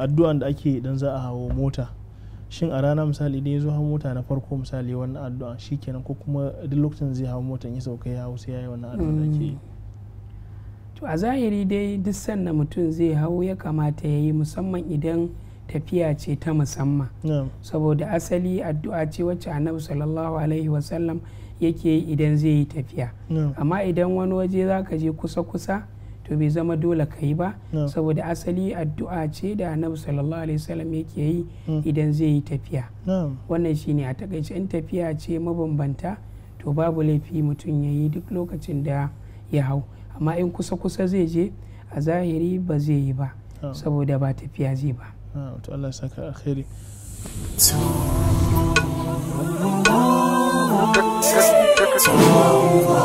addu'an da ake idan za a hawo mota shin a rana misali idan ya zo hawo mota na farko misali wannan addu'a shikenan ko kuma duk lokacin zai hawo mota ya sauka ya hau sai ya yi wannan addu'a da ke hmm. to a zahiri dai duk sannan mutum zai hau ya kamata ya yi musamman idan tafiya ce ta musamman saboda asali addu'a ce wacce annabi sallallahu alaihi wasallam yake yi idan zai yi tafiya amma idan wani waje za ka je kusa-kusa to bai zama dole ka yi ba saboda asali addu'a ce da annabi sallallahu alaihi wasallam yake yi idan zai yi tafiya wannan shine a takaice in tafiya ce mabambanta to babu laifi mutum ya yi duk lokacin da ya hau amma in kusa-kusa zai je a zahiri ba zai yi ba saboda ba tafiya zai ba to Allah saka alkhairi Tsohon